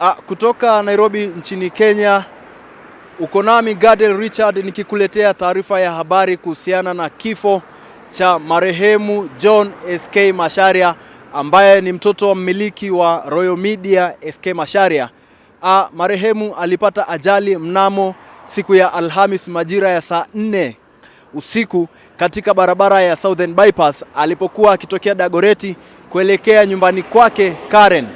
Ah, kutoka Nairobi nchini Kenya uko nami Gadel Richard nikikuletea taarifa ya habari kuhusiana na kifo cha marehemu John SK masharia ambaye ni mtoto wa mmiliki wa Royal Media SK masharia Ah, marehemu alipata ajali mnamo siku ya Alhamis majira ya saa nne usiku katika barabara ya Southern Bypass alipokuwa akitokea Dagoreti kuelekea nyumbani kwake Karen.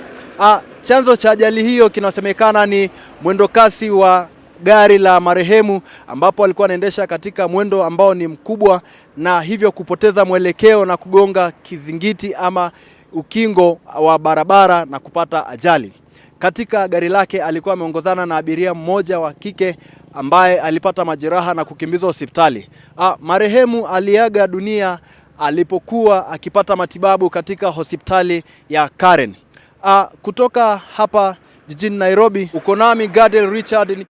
Ah, Chanzo cha ajali hiyo kinasemekana ni mwendokasi wa gari la marehemu ambapo alikuwa anaendesha katika mwendo ambao ni mkubwa na hivyo kupoteza mwelekeo na kugonga kizingiti ama ukingo wa barabara na kupata ajali. Katika gari lake alikuwa ameongozana na abiria mmoja wa kike ambaye alipata majeraha na kukimbizwa hospitali. Ah, marehemu aliaga dunia alipokuwa akipata matibabu katika hospitali ya Karen. Uh, kutoka hapa jijini Nairobi uko nami Gadel Richard.